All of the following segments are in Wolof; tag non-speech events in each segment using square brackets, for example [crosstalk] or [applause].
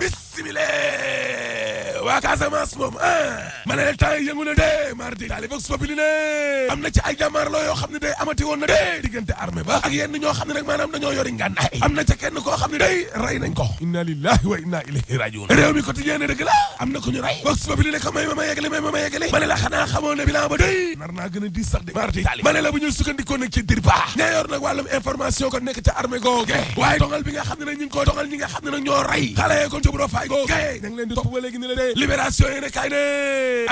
Bismillah. waa Casamance moom ah ma ne temps yi yëngu na de mardi daal Vox Populi ne am na ci ay jàmmaarloo yoo xam ne day amati woon na de diggante armée ba ak yenn ñoo xam ne nag maanaam dañoo yori ngànnaay am na ko inna lillahi wa inna ilayhi ne ko may ma ma yegali may ma ma yegali ma ne xamoon ne bilan a diis sax ma ne la bu ñu sukkandikoo nag ci dir ba yor nag wàllum information ko nekk ca armée googe waaye dongal bi nga xam ne nag ñu ko dongal ñi nga libération yéen ne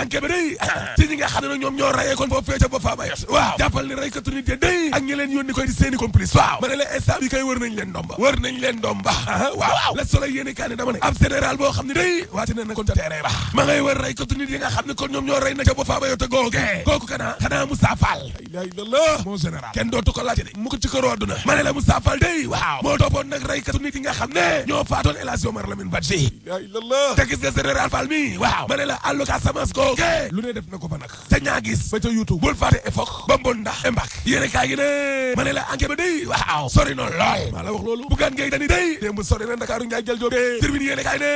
enquête bi day [coughs] ci ñi xam ne nag ñoo rayee kon foofu fee ca boppam ayot waaw jàppal ni raykatu nit ya day ak ñi leen yónni koy di seeni complice waaw ma ne la instant bi kay wër nañ leen ndomba wër nañ leen ndomba waaw waaw la solo yéen ne dama ne ab général boo xam ne day waati na na kon ca terrain ba ma ngay wër raykatu nit yi nga xam ne kon ñoom ñoo rey na ca boppam ayot googe hmm. kooku kana ah? xanaa Moussa Fall la ilaha dootu ko laajte ci ne nak ray raykat nit yi nga xamne ño ñoo faatoon El Hadj Omar Lamine Badji la ilallah te gis nga sere rafal mi waaw mané la allo ka Casamance ko lu ne def nako ko fa nag te ñaa gis ba ca YouTube bul fàtte efok ba mbon ndax e mbak yene ka gi ne mané la enquête ba dey waaw sori no lol maa la wax bu gan ngey dani dey dem sori na dakaru njaay jël joobe termine yene ka ne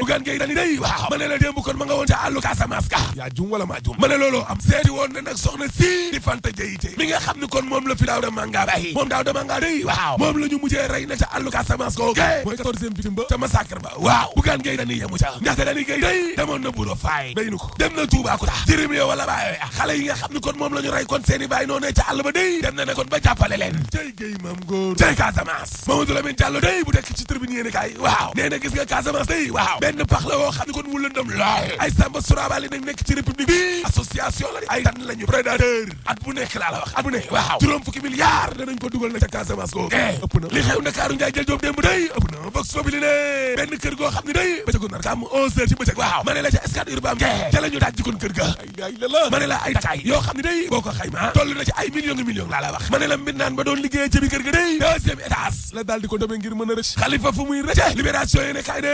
bu gan ngey dani dey waaw mané ne la démb kon ma nga won ca allo ka samas ka ya jum wala ma jum mané lolou am séti won nak soxna si di fanta jeyite mi nga xam kon mom la fi daaw da manga bay mom daw da manga dey waaw mom la ñu mujjé ray na ca wàllu Casamance koo kee mooy quatorzième victime ba ca massacre ba waaw bugaan ngay dañuy yemu ca ndaxte dañuy gay day demoon na buuro faay bay nu ko dem na ñu i bàyyi noonu ca àll ba day dem na ne kon Ndiaye jël Diop démb day ëpp na ba doon liggéey ci kër ga day deuxième étage la daal ko demee ngir mën a rëcc xalifa fu muy rëcce libération yi kay de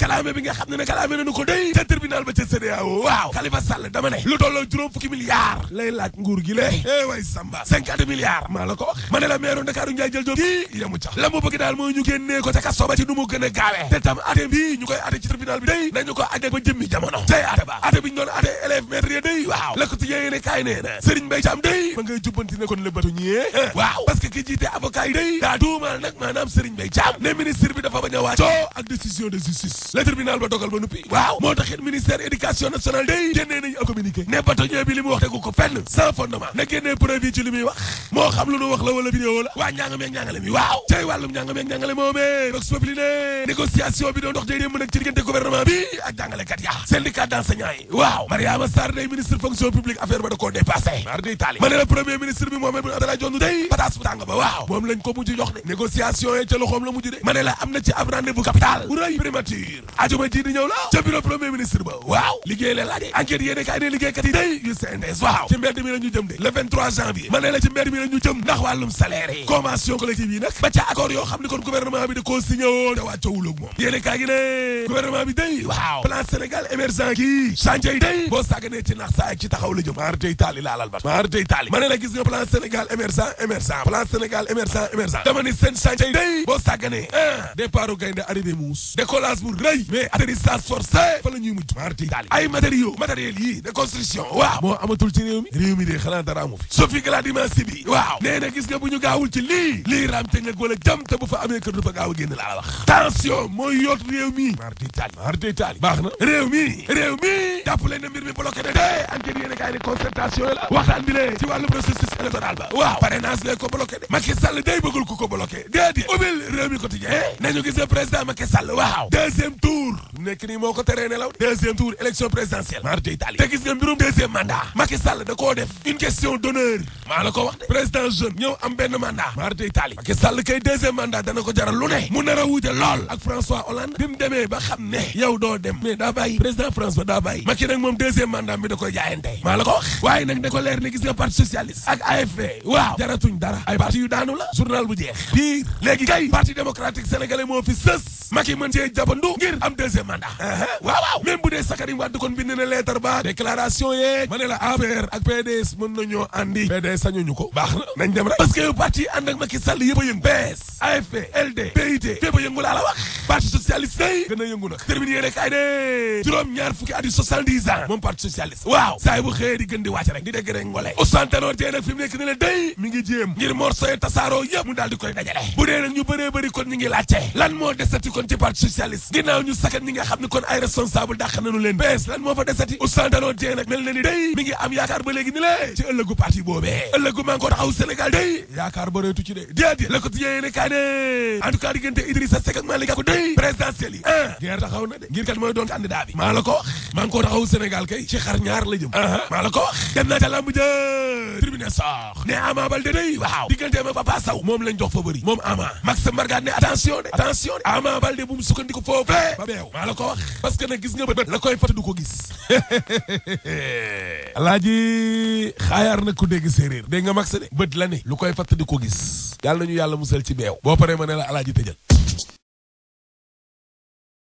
kalaame bi nga xam ne ne ko day ca tribunal ba ca CEDEAO waaw xalifa Sall dama ne lu tolloo juróom fukki milliards lay laaj nguur gi lé eh way samba cinquante maa la ko wax ma Ndakaaru Ndiaye jël Diop kii yamu ca daal mooy ñu génnee ko ca kaso ba ci nu mu gën a te tam ate bi ñu koy ate ci tribunal bi day nañu ko aje ba jëmmi jamono tey ate ba ate bi ñu ate élève day waaw la ko ci yéene kaay nee na Serigne Mbaye Thiam day ma ngay jubbanti ne kon lëbbatu ñee eh, waaw parce ki jiite avocat day daa duumaal nag maanaam Serigne Mbaye Thiam ne ministre bi dafa bañ a wàccoo ak décision de justice le tribunal ba dogal ba nuppi waaw moo taxit ministère éducation communiqué ne bâtonnier bi li mu wax tegu fenn sans fondement na génnee preuve ci li muy wax moo xam lu nu wax la wala vidéo la waa ñaanga meeg ñaangale mi waaw cay wàllum ñaanga meeg ñaangale moomee vox bi doon dox jay démb nag ci diggante gouvernement bi ak jàngalekat ya syndicat d'enseignants yi waaw Mariama Sarr ministre fonction publique affaire ba da koo dépassé mar premier ministre bi Mohamed Boun Abdallah Dionne day pataas bu ba waaw bu rëy ba ne liggéeykat yi day yu CNTS waaw ci mbedd mi la ñu jëm de janvier ma ne la ci mi la ñu jëm ndax wàllum salaire yi convention collective yi nag ba ca accord yoo xam ni kon gouvernement bi da koo woon te wàccowul ak moom yéene kaa gi ne gouvernement bi day waaw plan Sénégal émergent kii chantier yi ci nax saa taxaw la jëm maar day taali laal ba maar day taali ma ne plan Sénégal émergent émergent plan Sénégal émergent émergent dama day boo sàgganee ah départu gaynde arrivé muus décollage bu rëy mais atterrissage forcé fa la ñuy mujj maar day taali ay de construction waaw moo amatul ci réew mi réew mi de xanaa dara amu fi Sophie Gladima Siby waaw nee gis nga bu ñu gaawul ci lii lii raamte nga wala jam te fa amee kër fa gaaw a génn laa la wax tension mooy yoot mar d' itali baax na réew mi réew ne mbir mi bloqué na dee enquête yéen a kaay ba waaw parrainage lee ko bloqué de Macky Sall day bëggul ku ko bloqué déedéet ubbil réew mi quotidien mar d' itali gis nga mbirum deuxième mandat Macky Sall da koo def une question d'honneur maa la ko président jeune ñëw am benn mandat maar de Italie Macky Sall kay dana ko jaral lu ne mu nar a wuute lool ak François Hollande bi mu ba xam ne yow doo dem mais daa bàyyi président François daa bàyyi Macky nag moom da koy jaayante maa la ko waaye nag da ko leer ne gis socialiste ak AFP waaw jaratuñ dara ay parti yu daanu la journal bu jeex pire léegi kay parti démocratique sénégalais déclaration yeeg ma ne la APR ak PDS mën nañoo andi PDS sañuñu ko baax na nañ dem rek parce que parti ànd ak ba Sall yëpp a yëngu PS AFP LD PIT fépp a yëngu laa la wax socialiste day gën a yëngu nag terminé yéene kaay de juróom ñaar fukki at yi soixante-dix moom parti socialiste waaw saa yi bu gën di wàcc rek di dégg rek ngole Ousmane Tanor Dieng ne la day mi ngi jéem ngir morceau yi tasaaroo yëpp mu daal di koy dajale bu dee nag ñu bëree bëri kon ñu ngi laajte lan moo desati kon ci parti socialiste ginnaaw ñu sakat ñi nga xam ne kon ay responsable dàq leen PS lan moo fa desati Ousmane Tanor Dieng nag mel na ni day mi ngi am présidentielle yi ah guerre na de ngir kat mooy doon candidat bi maa la ko wax maa ngi koo taxaw Sénégal kay ci xar ñaar la jëm uh-huh. maa la ko wax dem naa ca lamb ja tribune sox ne Ama Baldé day waaw digganteem ak Papa Sow moom lañ jox fa bëri moom Ama Max Mbargane ne attention de attention de Ama Baldé bu mu sukkandiku foofee eh. ba beew maa la ko wax parce que nag gis nga bët la koy fatu ko gis [laughs] alaaji dégg séeréer dégg nga max de bët la lu koy fatt di ko gis yàlla nañu yàlla musal ci beew boo paree ma ne la alaaji tëjal